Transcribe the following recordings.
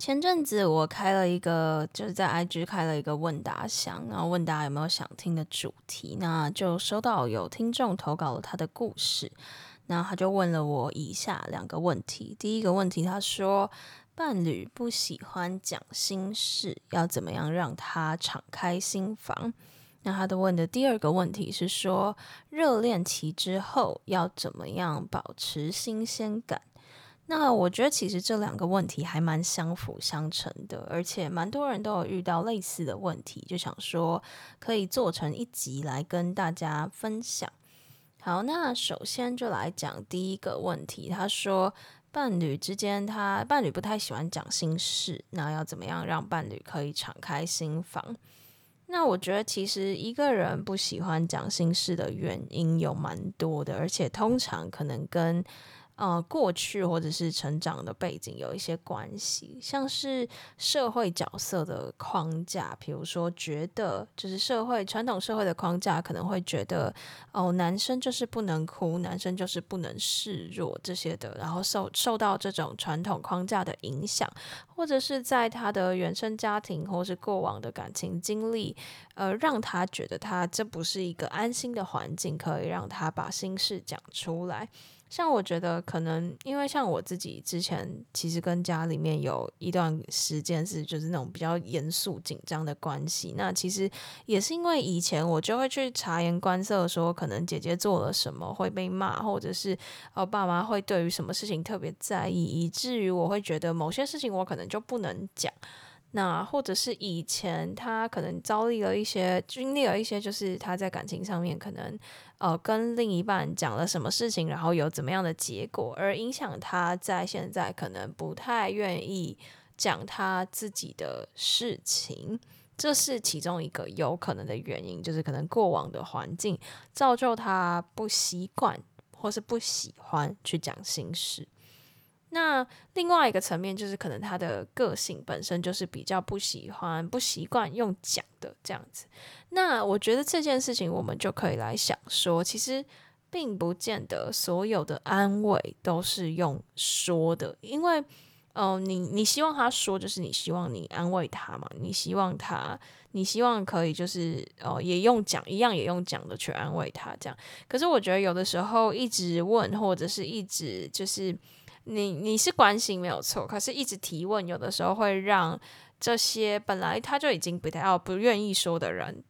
前陣子我開了一個，就是在 IG 開了一個問答箱，然後問大家有沒有想聽的主題，那就收到有聽眾投稿了他的故事，那他就問了我以下兩個問題。第一個問題，他說伴侶不喜歡講心事，要怎麼樣讓他敞開心房？那他的問的第二個問題是說，熱戀期之後要怎麼樣保持新鮮感？那我覺得其實這兩個問題還蠻相輔相成的，而且蠻多人都有遇到類似的問題，就想說可以做成一集來跟大家分享。好，那首先就來講第一個問題，他說伴侶之間他，伴侶不太喜歡講心事，那要怎麼樣讓伴侶可以敞開心房？那我覺得其實一個人不喜歡講心事的原因有蠻多的，而且通常可能跟呃，過去或者是成長的背景有一些關係，像是社會角色的框架，比如說覺得就是社會傳統社會的框架可能會覺得哦，男生就是不能哭，男生就是不能示弱這些的，然後受受到這種傳統框架的影響，或者是在他的原生家庭或是過往的感情經歷，呃，讓他覺得他這不是一個安心的環境，可以讓他把心事講出來。像我覺得可能，因為像我自己之前，其實跟家裡面有一段時間是就是那種比較嚴肅緊張的關係。那其實也是因為以前我就會去察言觀色，說可能姐姐做了什麼會被罵，或者是哦爸媽會對於什麼事情特別在意，以至於我會覺得某些事情我可能就不能講。那或者是以前他可能遭遇了一些、經歷了一些，就是他在感情上面可能呃跟另一半講了什麼事情，然後有怎麼樣的結果，而影響他在現在可能不太願意講他自己的事情，這是其中一個有可能的原因，就是可能過往的環境造就他不習慣或是不喜歡去講心事。那另外一個層面就是，可能他的個性本身就是比較不喜歡、不習慣用講的這樣子。那我覺得這件事情，我們就可以來想說，其實並不見得所有的安慰都是用說的，因為，哦、呃，你你希望他說，就是你希望你安慰他嘛，你希望他，你希望可以就是，哦、呃，也用講一樣，也用講的去安慰他這樣。可是我覺得有的時候一直問，或者是一直就是。你你是關心沒有錯，可是一直提問，有的時候會讓這些本來他就已經不太要不願意說的人，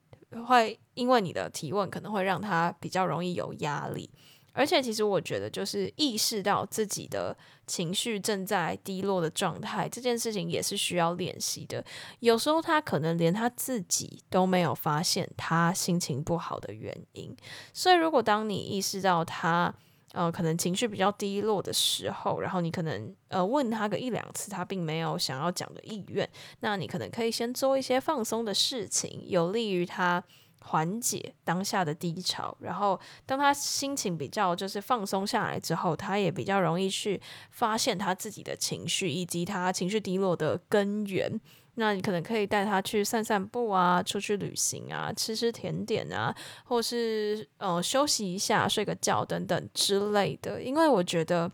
會因為你的提問可能會讓他比較容易有壓力。而且其實我覺得，就是意識到自己的情緒正在低落的狀態這件事情，也是需要練習的。有時候他可能連他自己都沒有發現他心情不好的原因，所以如果當你意識到他，呃，可能情緒比較低落的時候，然後你可能呃問他個一兩次，他並沒有想要講的意願，那你可能可以先做一些放鬆的事情，有利於他緩解當下的低潮。然後當他心情比較就是放鬆下來之後，他也比較容易去發現他自己的情緒以及他情緒低落的根源。那你可能可以帶他去散散步啊，出去旅行啊，吃吃甜點啊，或是呃休息一下，睡個覺等等之類的。因為我覺得，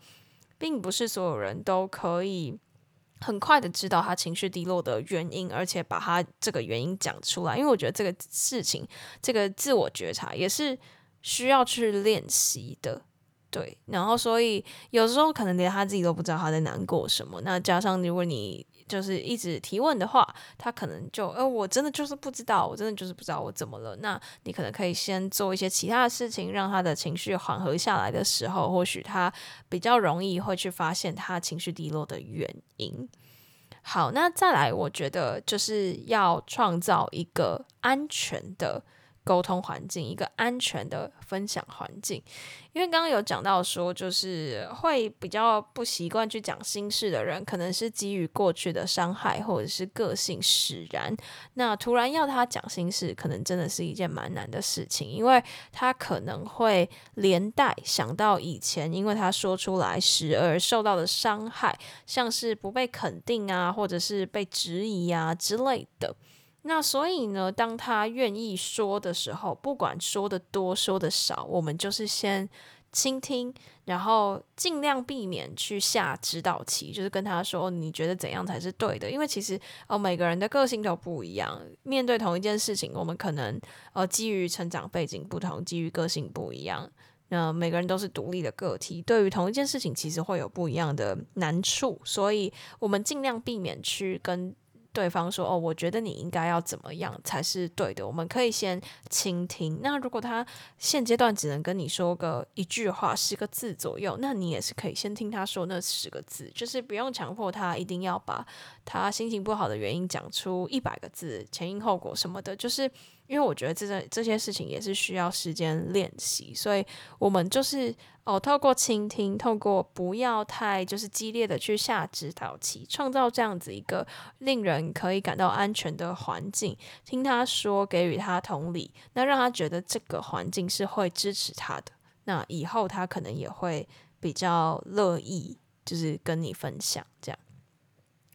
並不是所有人都可以很快的知道他情緒低落的原因，而且把他這個原因講出來。因為我覺得這個事情，這個自我覺察也是需要去練習的。對，然後所以有時候可能連他自己都不知道他在難過什麼。那加上如果你。就是一直提問的話，他可能就，呃，我真的就是不知道，我真的就是不知道我怎麼了。那你可能可以先做一些其他的事情，讓他的情緒緩和下來的時候，或許他比較容易會去發現他情緒低落的原因。好，那再來，我覺得就是要創造一個安全的。溝通環境，一個安全的分享環境。因為剛剛有講到說，就是會比較不習慣去講心事的人，可能是基於過去的傷害或者是個性使然。那突然要他講心事，可能真的是一件蠻難的事情，因為他可能會連帶想到以前，因為他說出來時而受到的傷害，像是不被肯定啊，或者是被質疑啊之類的。那所以呢，當他願意說的時候，不管說的多說的少，我們就是先傾聽，然後盡量避免去下指導棋，就是跟他說你覺得怎樣才是對的。因為其實呃每個人的個性都不一樣，面對同一件事情，我們可能呃基於成長背景不同，基於個性不一樣，那每個人都是獨立的個體，對於同一件事情其實會有不一樣的難處，所以我們盡量避免去跟。對方說：“哦，我覺得你應該要怎麼樣才是對的。我們可以先傾聽。那如果他現階段只能跟你說個一句話，十個字左右，那你也是可以先聽他說那十個字，就是不用強迫他一定要把他心情不好的原因講出一百個字，前因後果什麼的，就是。”因為我覺得這這些事情也是需要時間練習，所以我們就是哦，透過傾聽，透過不要太就是激烈的去下指導棋，創造這樣子一個令人可以感到安全的環境，聽他說，給予他同理，那讓他覺得這個環境是會支持他的，那以後他可能也會比較樂意，就是跟你分享這樣。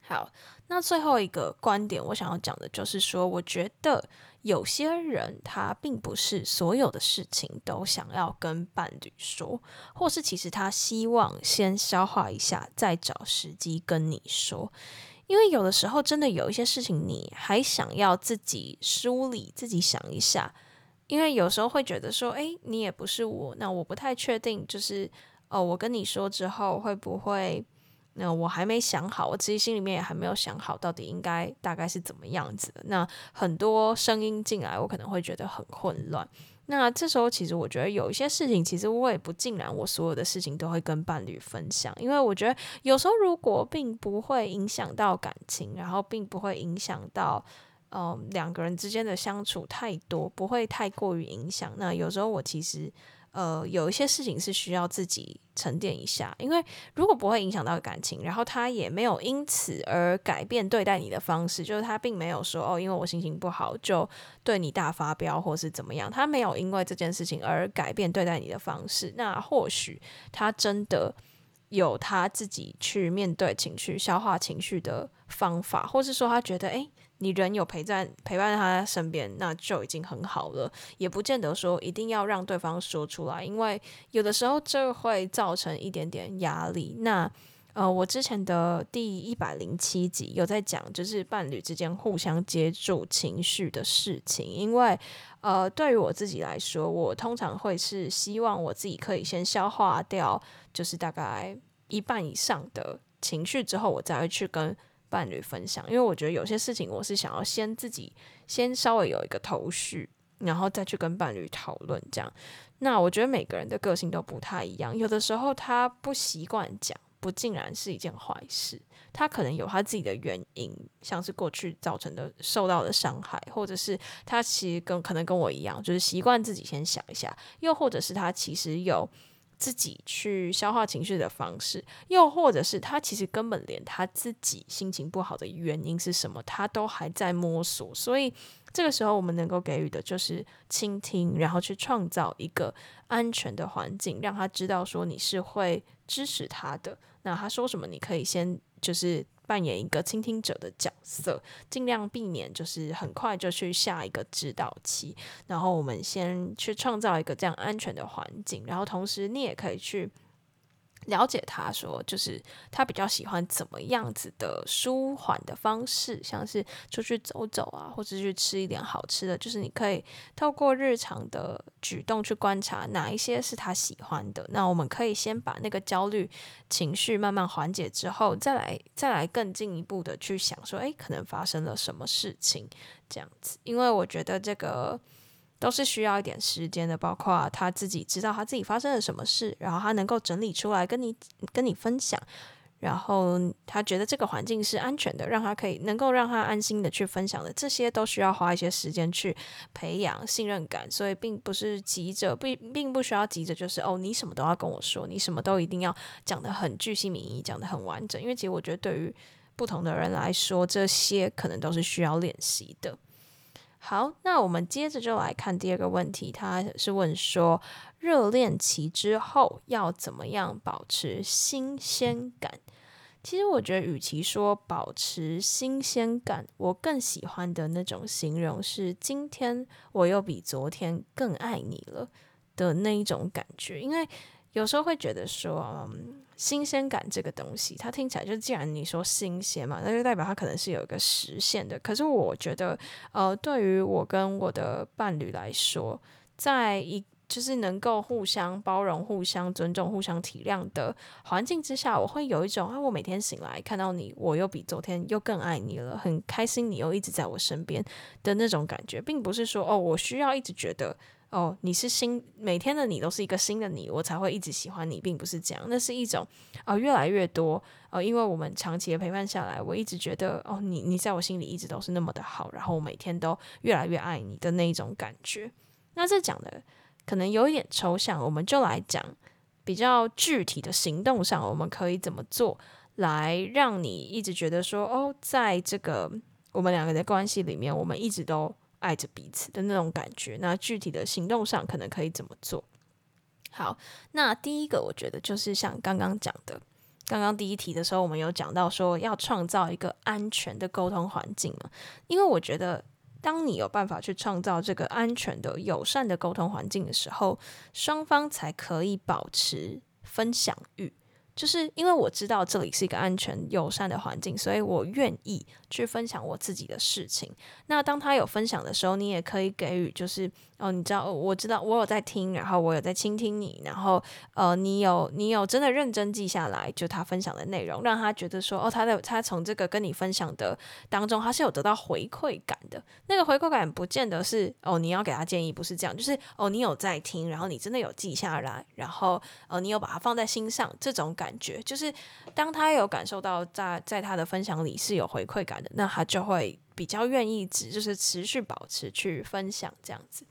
好，那最後一個觀點我想要講的就是說，我覺得。有些人他並不是所有的事情都想要跟伴侶說，或是其實他希望先消化一下，再找時機跟你說。因為有的時候真的有一些事情，你還想要自己梳理、自己想一下。因為有時候會覺得說，誒，你也不是我，那我不太確定，就是哦，我跟你說之後會不會？那我還沒想好，我自己心裡面也還沒有想好，到底應該大概是怎麼樣子的。那很多聲音進來，我可能會覺得很混亂。那這時候，其實我覺得有一些事情，其實我也不盡然，我所有的事情都會跟伴侶分享，因為我覺得有時候如果並不會影響到感情，然後並不會影響到，嗯、呃、兩個人之間的相處太多，不會太過於影響。那有時候我其實。呃，有一些事情是需要自己沉澱一下，因為如果不會影響到感情，然後他也沒有因此而改變對待你的方式，就是他並沒有說哦，因為我心情不好就對你大發飆，或是怎麼樣，他沒有因為這件事情而改變對待你的方式。那或許他真的有他自己去面對情緒、消化情緒的方法，或是說他覺得哎，誒你人有陪在陪伴在他身邊，那就已經很好了，也不見得說一定要讓對方說出來，因為有的時候這會造成一點點壓力。那呃，我之前的第一百零七集有在講，就是伴侶之間互相接住情緒的事情，因為呃，對於我自己來說，我通常會是希望我自己可以先消化掉，就是大概一半以上的情緒之後，我才會去跟。伴侶分享，因為我覺得有些事情我是想要先自己先稍微有一個頭緒，然後再去跟伴侶討論這樣。那我覺得每個人的個性都不太一樣，有的時候他不習慣講，不盡然是一件壞事。他可能有他自己的原因，像是過去造成的受到的傷害，或者是他其實跟可能跟我一樣，就是習慣自己先想一下，又或者是他其實有。自己去消化情緒的方式，又或者是他其實根本連他自己心情不好的原因是什麼，他都還在摸索。所以這個時候，我們能夠給予的就是傾聽，然後去創造一個安全的環境，讓他知道說你是會支持他的。那他說什麼，你可以先就是。扮演一個傾聽者的角色，盡量避免就是很快就去下一個指導棋，然後我們先去創造一個這樣安全的環境，然後同時你也可以去。了解他說，就是他比較喜歡怎麼樣子的舒緩的方式，像是出去走走啊，或者是去吃一點好吃的。就是你可以透過日常的舉動去觀察哪一些是他喜歡的。那我們可以先把那個焦慮情緒慢慢緩解之後，再來再來更進一步的去想說，誒，可能發生了什麼事情這樣子。因為我覺得這個。都是需要一點時間的，包括他自己知道他自己發生了什麼事，然後他能夠整理出來跟你跟你分享，然後他覺得這個環境是安全的，讓他可以能夠讓他安心的去分享的，這些都需要花一些時間去培養信任感，所以並不是急着，并並不需要急着，就是哦，你什麼都要跟我說，你什麼都一定要講得很鉅細靡遺，講得很完整，因為其實我覺得對於不同的人來說，這些可能都是需要練習的。好，那我們接着就來看第二個問題，他是問說熱戀期之後要怎麼樣保持新鮮感？其實我覺得，與其說保持新鮮感，我更喜歡的那種形容是“今天我又比昨天更愛你了”的那一種感覺，因為有時候會覺得說，新鮮感這個東西，它聽起來就既然你說新鮮嘛，那就代表它可能是有一個時限的。可是我覺得，呃，對於我跟我的伴侶來說，在一就是能夠互相包容、互相尊重、互相體諒的環境之下，我會有一種啊，我每天醒來看到你，我又比昨天又更愛你了，很開心，你又一直在我身邊的那種感覺，並不是說哦，我需要一直覺得。哦，你是新每天的你都是一個新的你，我才會一直喜歡你，並不是這樣。那是一種啊、呃，越來越多哦、呃，因為我們長期的陪伴下來，我一直覺得哦，你你在我心裡一直都是那麼的好，然後我每天都越來越愛你的那一種感覺。那這講的可能有一點抽象，我們就來講比較具體的行動上，我們可以怎麼做來讓你一直覺得說哦，在這個我們兩個的關係裡面，我們一直都。愛着彼此的那種感覺，那具體的行動上可能可以怎麼做？好，那第一個我覺得就是像剛剛講的，剛剛第一題的時候，我們有講到說要創造一個安全的溝通環境嘛。因為我覺得，當你有辦法去創造這個安全的、友善的溝通環境的時候，雙方才可以保持分享欲。就是因為我知道這裡是一個安全、友善的環境，所以我願意。去分享我自己的事情。那當他有分享的時候，你也可以給予，就是哦，你知道、哦，我知道，我有在聽，然後我有在傾聽你，然後呃，你有你有真的認真記下來，就他分享的內容，讓他覺得說哦，他的他從這個跟你分享的當中，他是有得到回饋感的。那個回饋感不見得是哦，你要給他建議不是這樣，就是哦，你有在聽，然後你真的有記下來，然後呃，你有把它放在心上，這種感覺就是當他有感受到在在他的分享裡是有回饋感的。那他就會比較願意，只就是持續保持去分享這樣子。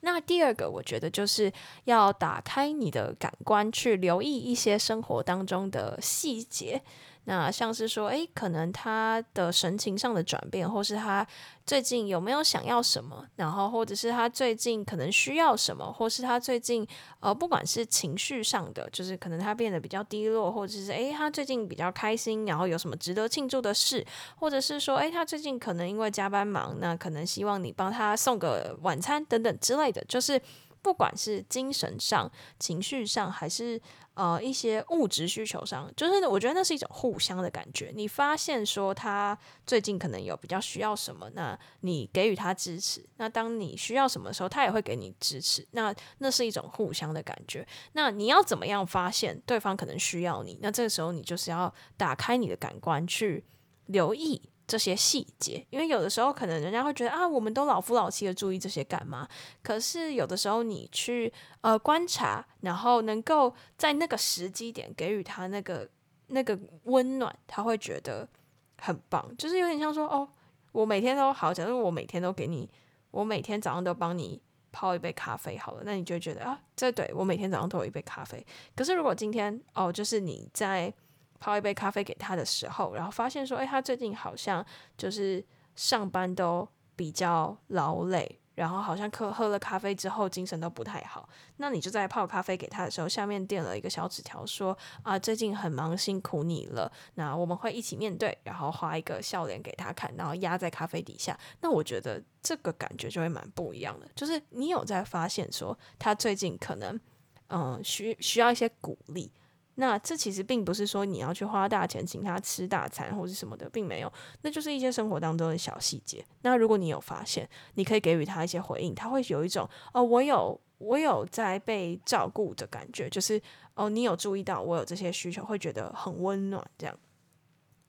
那第二個，我覺得就是要打開你的感官，去留意一些生活當中的細節。那像是說，欸，可能他的神情上的轉變，或是他最近有沒有想要什麼，然後或者是他最近可能需要什麼，或是他最近呃，不管是情緒上的，就是可能他變得比較低落，或者是欸，他最近比較開心，然後有什麼值得慶祝的事，或者是說，欸，他最近可能因為加班忙，那可能希望你幫他送個晚餐等等之類的，就是不管是精神上、情緒上還是。呃，一些物質需求上，就是我覺得那是一種互相的感覺。你發現說他最近可能有比較需要什麼，那你給予他支持。那當你需要什麼的時候，他也會給你支持。那那是一種互相的感覺。那你要怎麼樣發現對方可能需要你？那這個時候你就是要打開你的感官去留意。這些細節，因為有的時候可能人家會覺得啊，我們都老夫老妻的，注意這些幹嘛？可是，有的時候你去呃觀察，然後能夠在那個時機點給予他那個那個溫暖，他會覺得很棒。就是有點像說哦，我每天都好，假如我每天都給你，我每天早上都幫你泡一杯咖啡好了，那你就會覺得啊，這對，對我每天早上都有一杯咖啡。可是，如果今天哦，就是你在。泡一杯咖啡給他的時候，然後發現說：“誒，他最近好像就是上班都比較勞累，然後好像喝喝了咖啡之後精神都不太好。”那你就在泡咖啡給他的時候，下面墊了一個小紙條，說：“啊，最近很忙，辛苦你了。那我們會一起面對。”然後畫一個笑臉給他看，然後壓在咖啡底下。那我覺得這個感覺就會蠻不一樣的，就是你有在發現說他最近可能嗯需需要一些鼓勵。那這其實並不是說你要去花大錢請他吃大餐或者什麼的，並沒有，那就是一些生活當中的小細節。那如果你有發現，你可以給予他一些回應，他會有一種哦，我有我有在被照顧的感覺，就是哦，你有注意到我有這些需求，會覺得很溫暖，這樣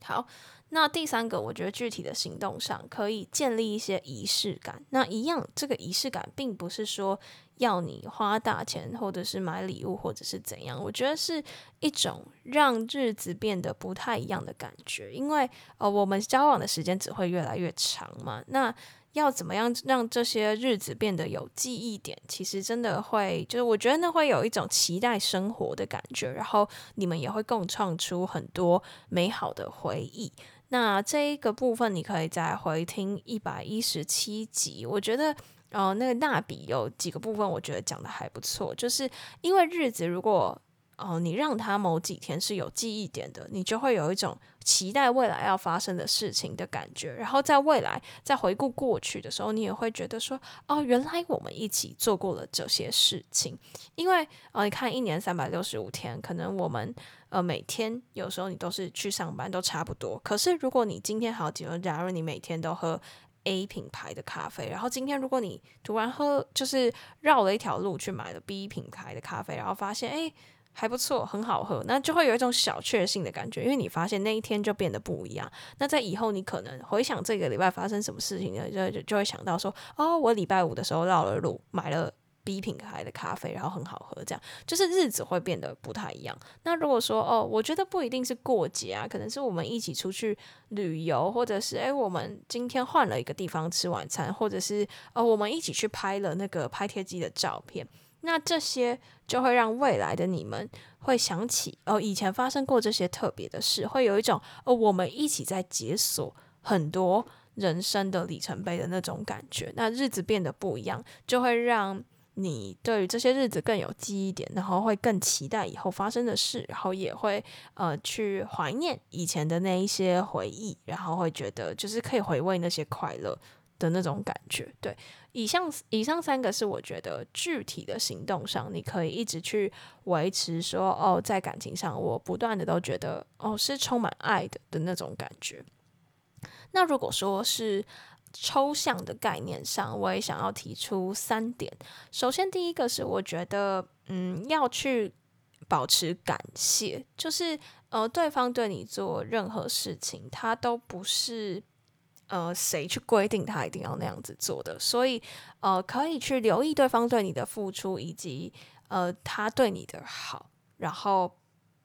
好。那第三個，我覺得具體的行動上可以建立一些儀式感。那一樣，這個儀式感並不是說要你花大錢，或者是買禮物，或者是怎樣。我覺得是一種讓日子變得不太一樣的感覺，因為呃，我們交往的時間只會越來越長嘛。那要怎麼樣讓這些日子變得有記憶點？其實真的會，就是我覺得那會有一種期待生活的感覺，然後你們也會共創出很多美好的回憶。那這一個部分，你可以再回聽一百一十七集。我覺得，呃，那個納比有幾個部分，我覺得講得還不錯，就是因為日子如果哦，你讓他某幾天是有記憶點的，你就會有一種期待未來要發生的事情的感覺。然後在未來再回顧過去的時候，你也會覺得說，哦，原來我們一起做過了這些事情。因為，呃、哦，你看，一年三百六十五天，可能我們呃每天有時候你都是去上班，都差不多。可是，如果你今天好幾個，假如你每天都喝 A 品牌的咖啡，然後今天如果你突然喝，就是繞了一條路去買了 B 品牌的咖啡，然後發現，誒、欸。還不錯，很好喝，那就會有一種小確幸的感覺，因為你發現那一天就變得不一樣。那在以後，你可能回想這個禮拜發生什麼事情呢？就就就會想到說，哦，我禮拜五的時候繞了路，買了 B 品牌的咖啡，然後很好喝，這樣就是日子會變得不太一樣。那如果說，哦，我覺得不一定是過節啊，可能是我們一起出去旅遊，或者是欸，我們今天換了一個地方吃晚餐，或者是哦，我們一起去拍了那個拍貼機的照片。那這些就會讓未來的你們會想起哦、呃，以前發生過這些特別的事，會有一種哦、呃，我們一起在解鎖很多人生的里程碑的那種感覺。那日子變得不一樣，就會讓你對於這些日子更有記憶點，然後會更期待以後發生的事，然後也會呃去懷念以前的那一些回憶，然後會覺得就是可以回味那些快樂的那種感覺，對。以上，以上三個是我覺得具體的行動上，你可以一直去維持說哦，在感情上我不斷的都覺得哦是充滿愛的的那種感覺。那如果說是抽象的概念上，我也想要提出三點。首先，第一個是我覺得嗯要去保持感謝，就是呃對方對你做任何事情，他都不是。呃，誰去規定他一定要那樣子做的？所以，呃，可以去留意對方對你的付出，以及呃，他對你的好，然後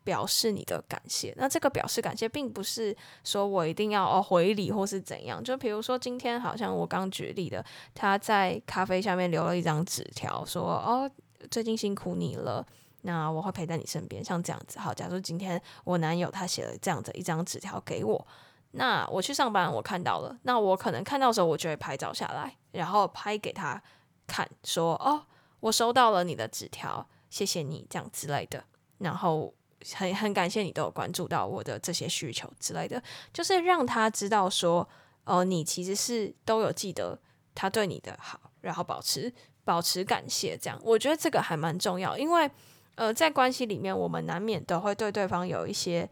表示你的感謝。那這個表示感謝，並不是說我一定要哦回禮或是怎樣。就比如說，今天好像我剛舉例的，他在咖啡下面留了一張紙條，說：“哦，最近辛苦你了，那我會陪在你身邊。”像這樣子，好，假如今天我男友他寫了這樣子一張紙條給我。那我去上班，我看到了，那我可能看到的時候，我就會拍照下來，然後拍給他看，說哦，我收到了你的紙條，謝謝你這樣之類的，然後很很感謝你都有關注到我的這些需求之類的，就是讓他知道說，哦、呃，你其實是都有記得他對你的好，然後保持保持感謝，這樣我覺得這個還蠻重要，因為呃，在關係裡面，我們難免都會對對方有一些。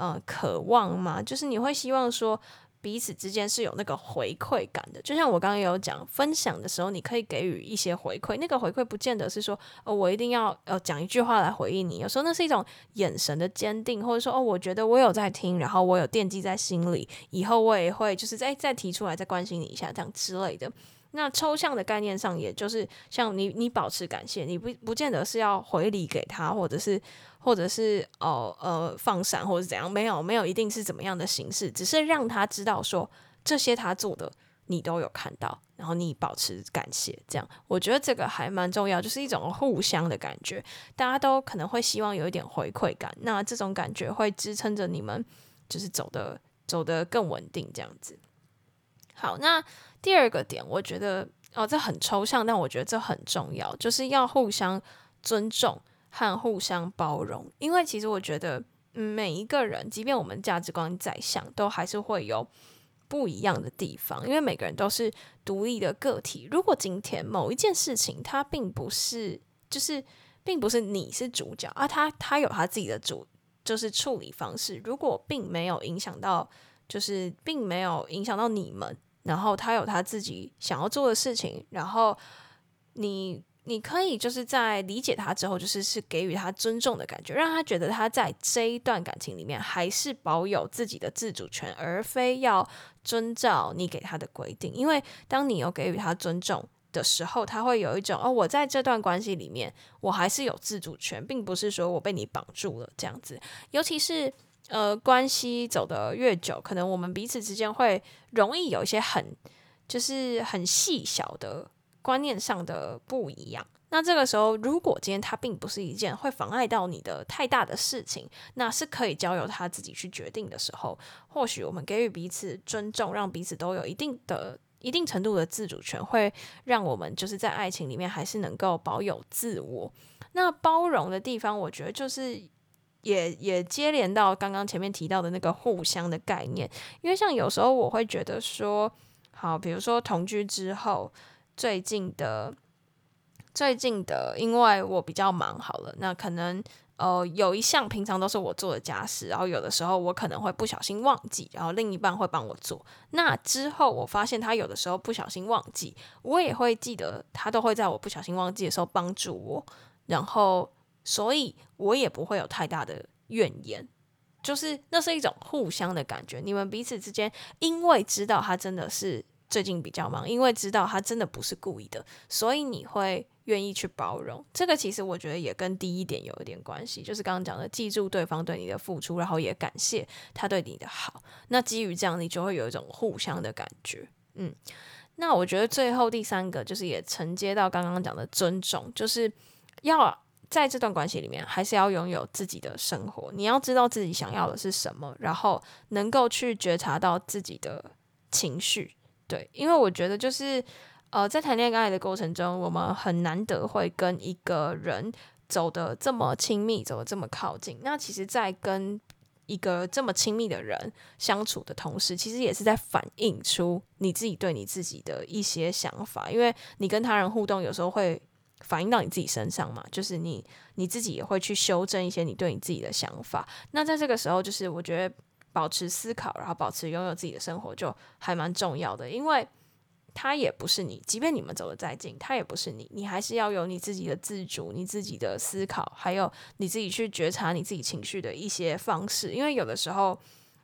呃、嗯，渴望嘛，就是你會希望說彼此之間是有那個回饋感的。就像我剛剛也有講，分享的時候你可以給予一些回饋，那個回饋不見得是說哦，我一定要呃、哦、講一句話來回應你。有時候那是一種眼神的堅定，或者說哦，我覺得我有在聽，然後我有惦記在心裡，以後我也會就是再再提出來，再關心你一下這樣之類的。那抽象的概念上，也就是像你，你保持感謝，你不不見得是要回禮給他，或者是，或者是哦、呃，呃，放閃或者怎樣，沒有，沒有，一定是怎麼樣的形式，只是讓他知道說這些他做的你都有看到，然後你保持感謝，這樣，我覺得這個還蠻重要，就是一種互相的感覺，大家都可能會希望有一點回饋感，那這種感覺會支撐着你們，就是走得走得更穩定，這樣子。好，那。第二個點，我覺得哦，這很抽象，但我覺得這很重要，就是要互相尊重和互相包容。因為其實我覺得每一個人，即便我們價值觀再像，都還是會有不一樣的地方。因為每個人都是獨立的個體。如果今天某一件事情，它並不是就是並不是你是主角啊，他他有他自己的主就是處理方式。如果並沒有影響到，就是並沒有影響到你們。然後他有他自己想要做的事情，然後你你可以就是在理解他之後，就是是給予他尊重的感覺，讓他覺得他在這一段感情裡面還是保有自己的自主權，而非要遵照你給他的規定。因為當你有給予他尊重的時候，他會有一種哦，我在這段關係裡面我還是有自主權，並不是說我被你綁住了這樣子。尤其是。呃，關係走得越久，可能我們彼此之間會容易有一些很，就是很細小的觀念上的不一樣。那這個時候，如果今天它並不是一件會妨礙到你的太大的事情，那是可以交由他自己去決定的時候。或許我們給予彼此尊重，讓彼此都有一定的、一定程度的自主權，會讓我們就是在愛情裡面還是能夠保有自我。那包容的地方，我覺得就是。也也接連到剛剛前面提到的那個互相的概念。因為像有時候我會覺得說，好，比如說同居之後，最近的最近的，因為我比較忙好了，那可能呃有一項平常都是我做的家事，然後有的時候我可能會不小心忘記，然後另一半會幫我做。那之後我發現他有的時候不小心忘記，我也會記得，他都會在我不小心忘記的時候幫助我，然後。所以我也不會有太大的怨言，就是那是一種互相的感覺。你們彼此之間，因為知道他真的是最近比較忙，因為知道他真的不是故意的，所以你會願意去包容。這個其實我覺得也跟第一點有一點關係，就是剛剛講的，記住對方對你的付出，然後也感謝他對你的好。那基於這樣，你就會有一種互相的感覺。嗯，那我覺得最後第三個就是也承接到剛剛講的尊重，就是要。在這段關係裡面，還是要擁有自己的生活。你要知道自己想要的是什麼，然後能夠去覺察到自己的情緒。對，因為我覺得就是，呃，在談戀愛的過程中，我們很難得會跟一個人走得這麼親密，走得這麼靠近。那其實，在跟一個這麼親密的人相處的同時，其實也是在反映出你自己對你自己的一些想法。因為你跟他人互動，有時候會。反映到你自己身上嘛，就是你你自己也會去修正一些你對你自己的想法。那在這個時候，就是我覺得保持思考，然後保持擁有自己的生活，就還蠻重要的。因為他也不是你，即便你們走得再近，他也不是你，你還是要有你自己的自主、你自己的思考，還有你自己去覺察你自己情緒的一些方式。因為有的時候，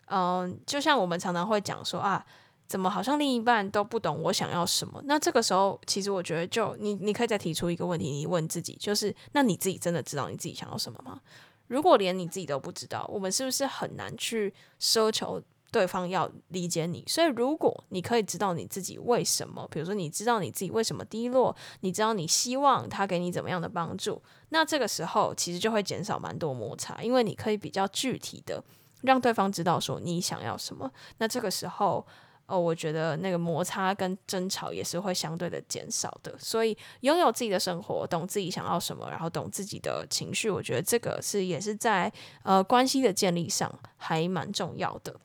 嗯、呃，就像我們常常會講說啊。怎麼好像另一半都不懂我想要什麼？那這個時候，其實我覺得就你，你可以再提出一個問題，你問自己，就是那你自己真的知道你自己想要什麼嗎？如果連你自己都不知道，我們是不是很難去奢求對方要理解你？所以，如果你可以知道你自己為什麼，比如說你知道你自己為什麼低落，你知道你希望他給你怎麼樣的幫助，那這個時候其實就會減少蠻多摩擦，因為你可以比較具體的讓對方知道說你想要什麼。那這個時候。哦，我覺得那個摩擦跟爭吵也是會相對的減少的，所以擁有自己的生活，懂自己想要什麼，然後懂自己的情緒，我覺得這個是也是在呃關係的建立上還蠻重要的。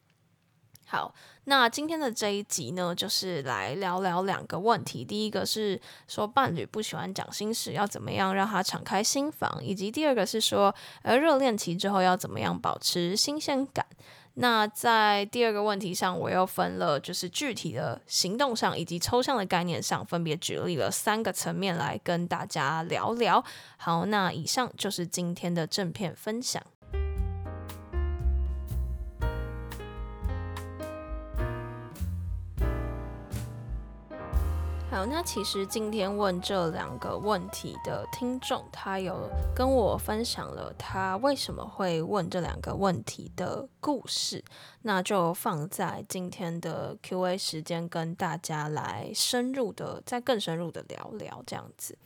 好，那今天的這一集呢，就是來聊聊兩個問題，第一個是說伴侶不喜歡講心事，要怎麼樣讓他敞開心房，以及第二個是說，呃，熱戀期之後要怎麼樣保持新鮮感。那在第二個問題上，我又分了，就是具體的行動上以及抽象的概念上，分別舉例了三個層面來跟大家聊聊。好，那以上就是今天的正片分享。那其實今天問這兩個問題的聽眾，他有跟我分享了他為什麼會問這兩個問題的故事，那就放在今天的 Q&A 時間跟大家來深入的，再更深入的聊聊這樣子。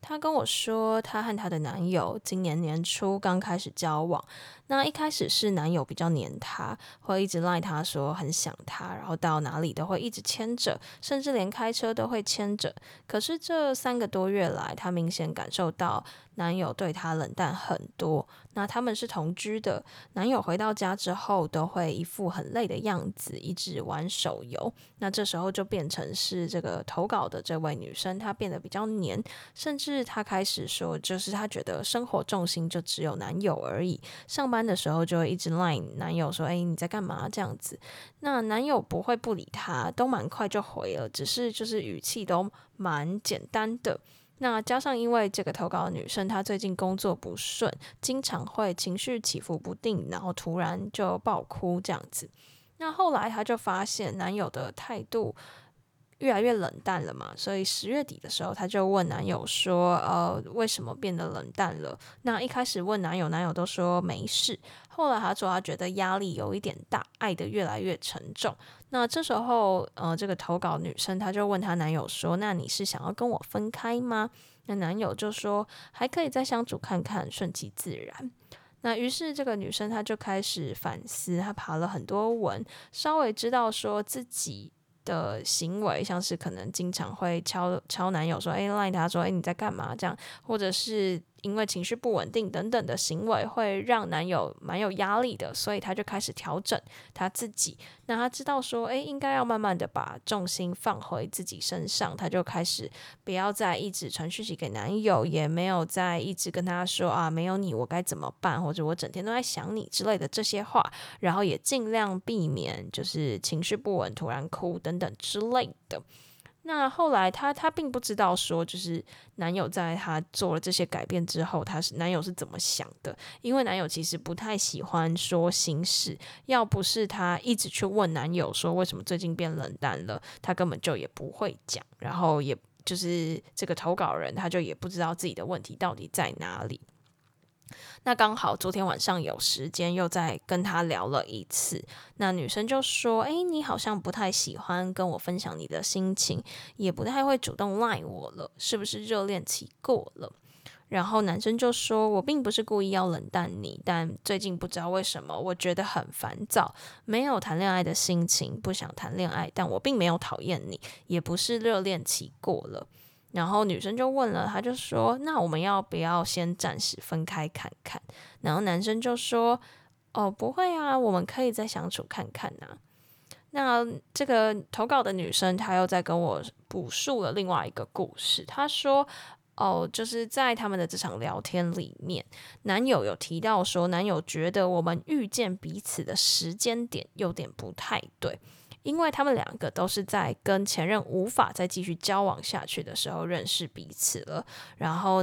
她跟我說，她和她的男友今年年初剛開始交往，那一開始是男友比較黏她，會一直賴她，說很想她，然後到哪裡都會一直牽着，甚至連開車都會牽着。可是這三個多月來，她明顯感受到。男友對她冷淡很多，那他們是同居的。男友回到家之後，都會一副很累的樣子，一直玩手遊。那這時候就變成是這個投稿的這位女生，她變得比較黏，甚至她開始說，就是她覺得生活重心就只有男友而已。上班的時候就會一直 line 男友說：“欸，你在幹嘛？”這樣子。那男友不會不理她，都蠻快就回了，只是就是語氣都蠻簡單的。那加上，因為這個投稿的女生她最近工作不順，經常會情緒起伏不定，然後突然就爆哭這樣子。那後來她就發現男友的態度，越來越冷淡了嘛，所以十月底的時候，她就問男友說：“呃，為什麼變得冷淡了？”那一開始問男友，男友都說沒事。後來她說她覺得壓力有一點大，愛得越來越沉重。那這時候，呃，這個投稿女生她就問她男友說：“那你是想要跟我分開嗎？”那男友就說：“還可以再相處看看，順其自然。”那於是這個女生她就開始反思，她爬了很多文，稍微知道說自己。的行為，像是可能經常會敲敲男友說：“哎，line 他說哎、欸、你在幹嘛？”這樣，或者是。因為情緒不穩定等等的行為，會讓男友蠻有壓力的，所以他就開始調整他自己。那他知道說，誒，應該要慢慢的把重心放回自己身上，他就開始不要再一直傳訊息給男友，也沒有再一直跟他說啊，沒有你我該怎麼辦，或者我整天都在想你之類的這些話，然後也盡量避免就是情緒不穩、突然哭等等之類的。那後來，她她並不知道說，就是男友在她做了這些改變之後，她是男友是怎麼想的？因為男友其實不太喜歡說心事，要不是她一直去問男友說為什麼最近變冷淡了，他根本就也不會講。然後，也就是這個投稿人，她就也不知道自己的問題到底在哪裡。那剛好昨天晚上有時間，又再跟他聊了一次。那女生就說：“欸，你好像不太喜歡跟我分享你的心情，也不太會主動賴我了，是不是熱戀期過了？”然後男生就說：“我並不是故意要冷淡你，但最近不知道為什麼，我覺得很煩躁，沒有談戀愛的心情，不想談戀愛。但我並沒有討厭你，也不是熱戀期過了。”然後女生就問了，她就說：“那我們要不要先暫時分開看看？”然後男生就說：“哦，不會啊，我們可以再相處看看吶啊。”那這個投稿的女生，她又在跟我補述了另外一個故事。她說：“哦，就是在他們的這場聊天裡面，男友有提到說，男友覺得我們遇見彼此的時間點有點不太對。”因為他們兩個都是在跟前任無法再繼續交往下去的時候認識彼此了，然後。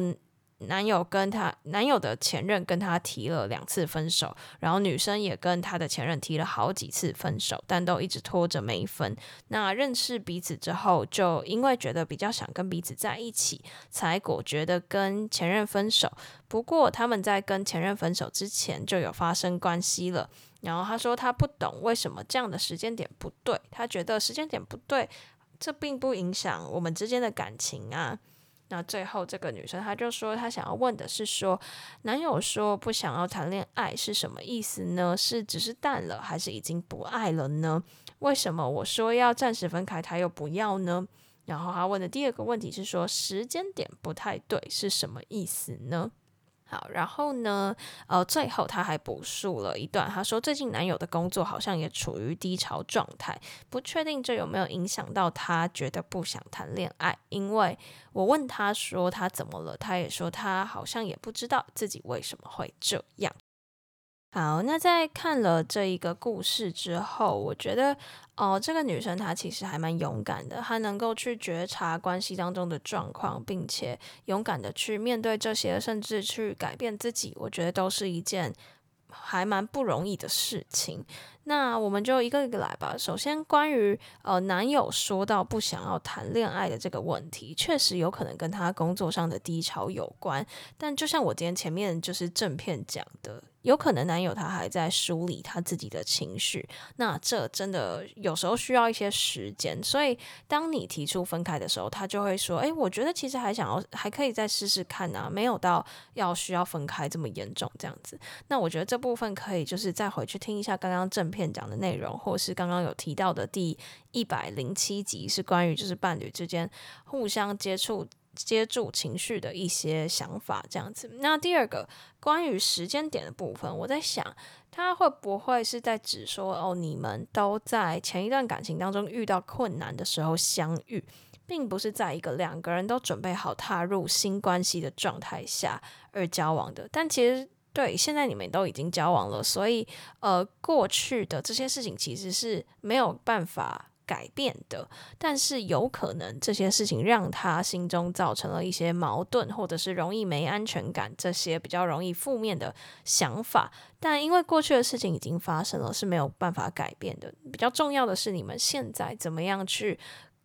男友跟她男友的前任跟她提了兩次分手，然後女生也跟她的前任提了好幾次分手，但都一直拖着沒分。那認識彼此之後，就因為覺得比較想跟彼此在一起，才果決的跟前任分手。不過他們在跟前任分手之前就有發生關係了。然後他說他不懂為什麼這樣的時間點不對，他覺得時間點不對，這並不影響我們之間的感情啊。那最後這個女生，她就說她想要問的是說，男友說不想要談戀愛是什麼意思呢？是只是淡了還是已經不愛了呢？為什麼我說要暫時分開，他又不要呢？然後她問的第二個問題是說，時間點不太對是什麼意思呢？好，然後呢，呃，最後他還補述了一段，他說：“最近男友的工作好像也處於低潮狀態，不確定這有沒有影響到他，覺得不想談戀愛。”因為我問他說他怎麼了，他也說他好像也不知道自己為什麼會這樣。好，那在看了這一個故事之後，我覺得，哦、呃，這個女生她其實還蠻勇敢的，她能夠去覺察關係當中的狀況，並且勇敢的去面對這些，甚至去改變自己，我覺得都是一件還蠻不容易的事情。那我們就一個一個來吧。首先，關於呃男友說到不想要談戀愛的這個問題，確實有可能跟他工作上的低潮有關。但就像我今天前面就是正片講的，有可能男友他還在梳理他自己的情緒。那這真的有時候需要一些時間。所以當你提出分開的時候，他就會說：“哎、欸，我覺得其實還想要，還可以再試試看啊，沒有到要需要分開這麼嚴重這樣子。”那我覺得這部分可以就是再回去聽一下剛剛正片。片講的內容，或是剛剛有提到的第一百零七集，是關於就是伴侶之間互相接觸、接觸情緒的一些想法這樣子。那第二個關於時間點的部分，我在想，他會不會是在指說，哦，你們都在前一段感情當中遇到困難的時候相遇，並不是在一個兩個人都準備好踏入新關係的狀態下而交往的。但其實，對，現在你們都已經交往了，所以呃，過去的這些事情其實是沒有辦法改變的。但是有可能這些事情讓他心中造成了一些矛盾，或者是容易沒安全感，這些比較容易負面的想法。但因為過去的事情已經發生了，是沒有辦法改變的。比較重要的是，你們現在怎麼樣去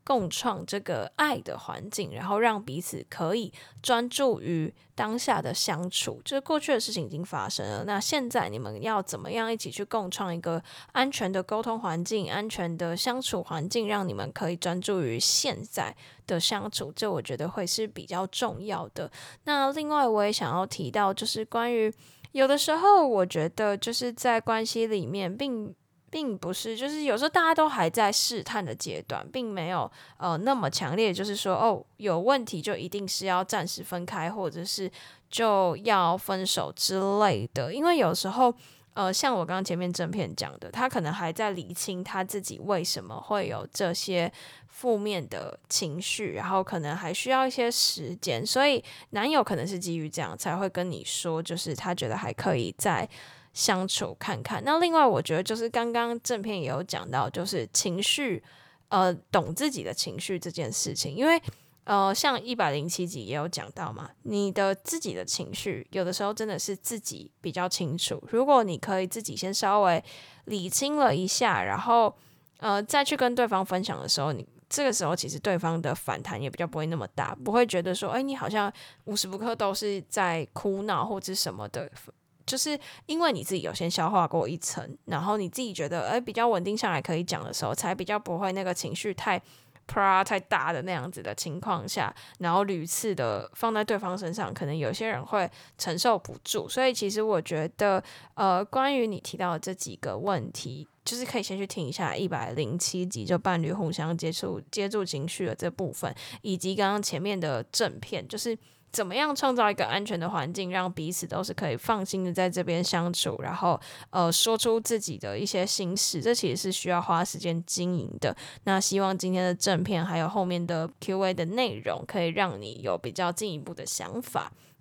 共創這個愛的環境，然後讓彼此可以專注於當下的相處。就是過去的事情已經發生了，那現在你們要怎麼樣一起去共創一個安全的溝通環境、安全的相處環境，讓你們可以專注於現在的相處？這我覺得會是比較重要的。那另外，我也想要提到，就是關於有的時候，我覺得就是在關係裡面，並並不是，就是有時候大家都還在試探的階段，並沒有呃那麼強烈，就是說哦有問題就一定是要暫時分開或者是就要分手之類的。因為有時候呃，像我剛剛前面正片講的，他可能還在理清他自己為什麼會有這些負面的情緒，然後可能還需要一些時間，所以男友可能是基於這樣才會跟你說，就是他覺得還可以再。相處看看。那另外，我覺得就是剛剛正片也有講到，就是情緒，呃，懂自己的情緒這件事情。因為，呃，像一百零七集也有講到嘛，你的自己的情緒有的時候真的是自己比較清楚。如果你可以自己先稍微理清了一下，然後，呃，再去跟對方分享的時候，你這個時候其實對方的反彈也比較不會那麼大，不會覺得說，哎、欸，你好像無時不刻都是在哭鬧或者什麼的。就是因為你自己有先消化過一層，然後你自己覺得誒、呃、比較穩定下來可以講的時候，才比較不會那個情緒太 pressure 太大的那樣子的情況下，然後屢次的放在對方身上，可能有些人會承受不住。所以其實我覺得，呃，關於你提到的這幾個問題，就是可以先去聽一下一百零七集就伴侶互相接觸接觸情緒的這部分，以及剛剛前面的正片，就是。怎麼樣創造一個安全的環境，讓彼此都是可以放心的在這邊相處，然後呃說出自己的一些心事，這其實是需要花時間經營的。那希望今天的正片還有後面的 Q&A 的內容，可以讓你有比較進一步的想法。